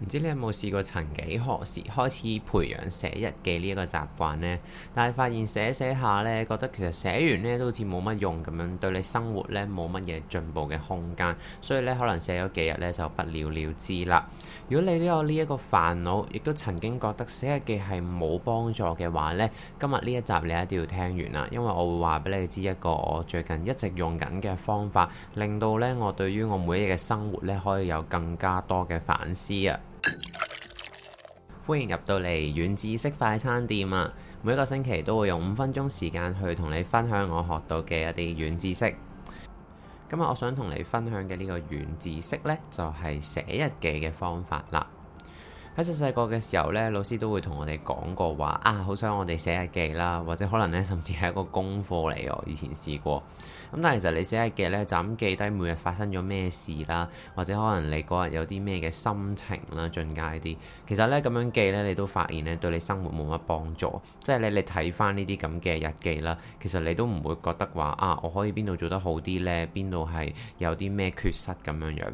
唔知你有冇試過？曾幾何時開始培養寫日記呢一個習慣呢？但係發現寫寫下呢，覺得其實寫完呢都好似冇乜用咁樣，對你生活呢冇乜嘢進步嘅空間，所以呢，可能寫咗幾日呢就不了了之啦。如果你都有呢一個煩惱，亦都曾經覺得寫日記係冇幫助嘅話呢，今日呢一集你一定要聽完啦，因為我會話俾你知一個我最近一直用緊嘅方法，令到呢我對於我每日嘅生活呢可以有更加多嘅反思啊！歡迎入到嚟軟知識快餐店啊！每個星期都會用五分鐘時間去同你分享我學到嘅一啲軟知識。今日我想同你分享嘅呢個軟知識呢，就係寫日記嘅方法啦。喺細細個嘅時候呢，老師都會同我哋講過話啊，好想我哋寫日記啦，或者可能呢，甚至係一個功課嚟嘅。以前試過，咁但係其實你寫日記呢，就咁記低每日發生咗咩事啦，或者可能你嗰日有啲咩嘅心情啦，進階啲。其實呢，咁樣記呢，你都發現呢，對你生活冇乜幫助。即係你你睇翻呢啲咁嘅日記啦，其實你都唔會覺得話啊，我可以邊度做得好啲呢？邊度係有啲咩缺失咁樣樣。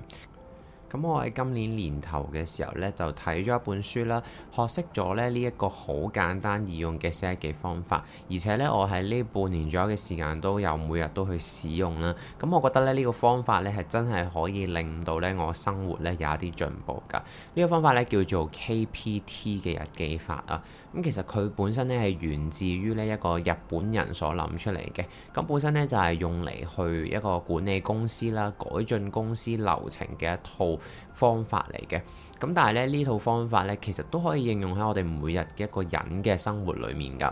咁我喺今年年頭嘅時候呢，就睇咗一本書啦，學識咗咧呢一個好簡單易用嘅寫日記方法，而且呢，我喺呢半年左右嘅時間，都有每日都去使用啦。咁我覺得咧呢個方法呢，係真係可以令到呢我生活呢有一啲進步㗎。呢個方法呢，叫做 KPT 嘅日記法啊。咁其實佢本身呢，係源自於呢一個日本人所諗出嚟嘅。咁本身呢，就係用嚟去一個管理公司啦，改進公司流程嘅一套方法嚟嘅，咁但係咧呢套方法呢，其實都可以應用喺我哋每日嘅一個人嘅生活裏面噶。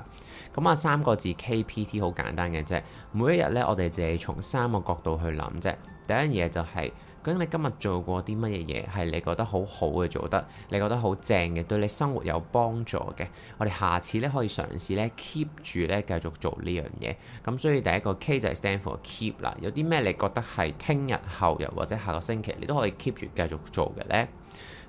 咁、嗯、啊三個字 KPT 好簡單嘅啫，每一日呢，我哋就係從三個角度去諗啫。第一樣嘢就係、是。究竟你今日做過啲乜嘢？嘢係你覺得好好嘅做得，你覺得好正嘅，對你生活有幫助嘅，我哋下次咧可以嘗試咧 keep 住咧繼續做呢樣嘢。咁所以第一個 K 就係 stand for keep 啦。有啲咩你覺得係聽日、後日或者下個星期你都可以 keep 住繼續做嘅呢？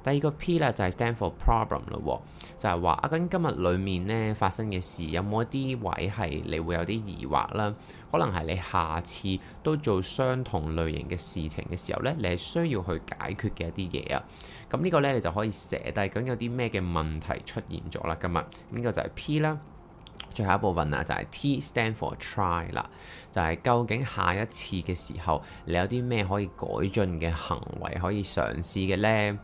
第二個 P 啦，就係 stand for problem 啦，就係話啊，究竟今日裡面咧發生嘅事有冇一啲位係你會有啲疑惑啦？可能係你下次都做相同類型嘅事情嘅時候咧，你係需要去解決嘅一啲嘢啊。咁呢個咧你就可以寫低究竟有啲咩嘅問題出現咗啦。今日呢個就係 P 啦，最後一部分啊，就係 T stand for try 啦，就係究竟下一次嘅時候你有啲咩可以改進嘅行為可以嘗試嘅咧？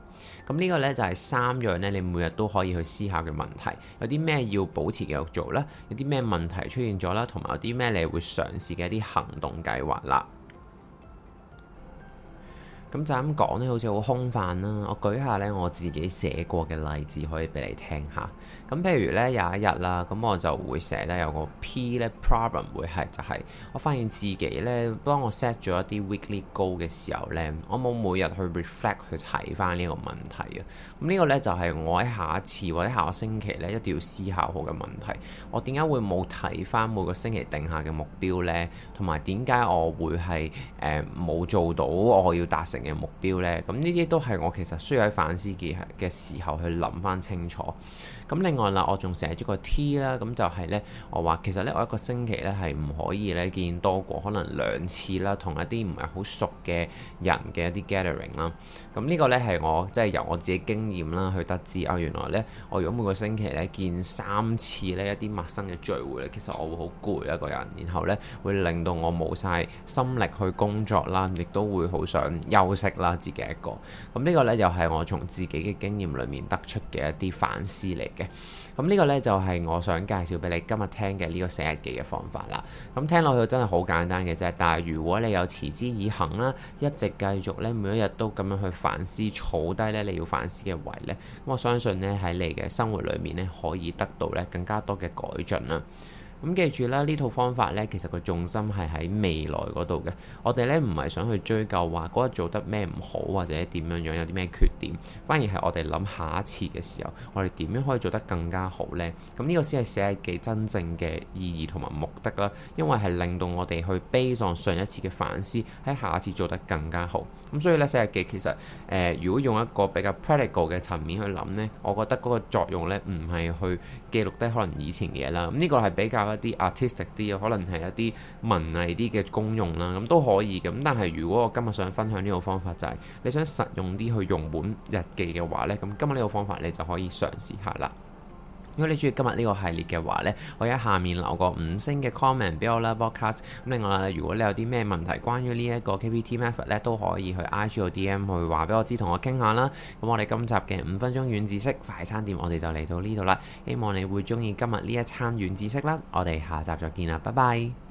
咁呢個呢，就係三樣咧，你每日都可以去思考嘅問題。有啲咩要保持繼續做咧？有啲咩問題出現咗啦？同埋有啲咩你會嘗試嘅一啲行動計劃啦？咁就咁講咧，好似好空泛啦。我舉下咧我自己寫過嘅例子，可以俾你聽下。咁譬如咧，有一日啦，咁我就會寫咧，有個 P 咧 problem，會係就係我發現自己咧，當我 set 咗一啲 weekly goal 嘅時候咧，我冇每日去 reflect 去睇翻呢個問題啊。咁呢個咧就係我喺下一次或者下個星期咧一定要思考好嘅問題，我點解會冇睇翻每個星期定下嘅目標咧？同埋點解我會係誒冇做到我要達成？嘅目標咧，咁呢啲都係我其實需要喺反思嘅時候去諗翻清楚。咁另外啦，我仲寫咗個 T 啦，咁就係咧，我話其實咧，我一個星期咧係唔可以咧見多過可能兩次啦，同一啲唔係好熟嘅人嘅一啲 gathering 啦。咁呢個咧係我即係、就是、由我自己經驗啦去得知啊，原來咧，我如果每個星期咧見三次咧一啲陌生嘅聚會咧，其實我會好攰、啊、一個人，然後咧會令到我冇晒心力去工作啦，亦都會好想又。方式啦，自己一個，咁，呢個呢，又係我從自己嘅經驗裏面得出嘅一啲反思嚟嘅。咁呢個呢，就係我想介紹俾你今日聽嘅呢個寫日記嘅方法啦。咁聽落去真係好簡單嘅啫，但係如果你有持之以恆啦，一直繼續呢，每一日都咁樣去反思，儲低呢你要反思嘅位呢。咁我相信呢，喺你嘅生活裏面呢，可以得到呢更加多嘅改進啦。咁記住啦，呢套方法呢，其實個重心係喺未來嗰度嘅。我哋呢唔係想去追究話嗰日做得咩唔好或者點樣樣有啲咩缺點，反而係我哋諗下一次嘅時候，我哋點樣可以做得更加好呢？咁呢個先係寫日記真正嘅意義同埋目的啦。因為係令到我哋去 base on 上一次嘅反思，喺下一次做得更加好。咁所以呢，寫日記其實誒、呃，如果用一個比較 practical 嘅層面去諗呢，我覺得嗰個作用呢，唔係去記錄低可能以前嘅嘢啦。咁、這、呢個係比較。一啲 artistic 啲啊，可能係一啲文藝啲嘅功用啦，咁都可以嘅。咁但係如果我今日想分享呢個方法、就係，就係你想實用啲去用本日記嘅話呢，咁今日呢個方法，你就可以嘗試下啦。如果你中意今日呢個系列嘅話咧，可以喺下面留個五星嘅 comment 俾我啦，Broadcast。咁另外如果你有啲咩問題關於呢一個 KPT method 咧，都可以去 IG 度 DM 去話俾我知，同我傾下啦。咁我哋今集嘅五分鐘軟知識快餐店，我哋就嚟到呢度啦。希望你會中意今日呢一餐軟知識啦。我哋下集再見啦，拜拜。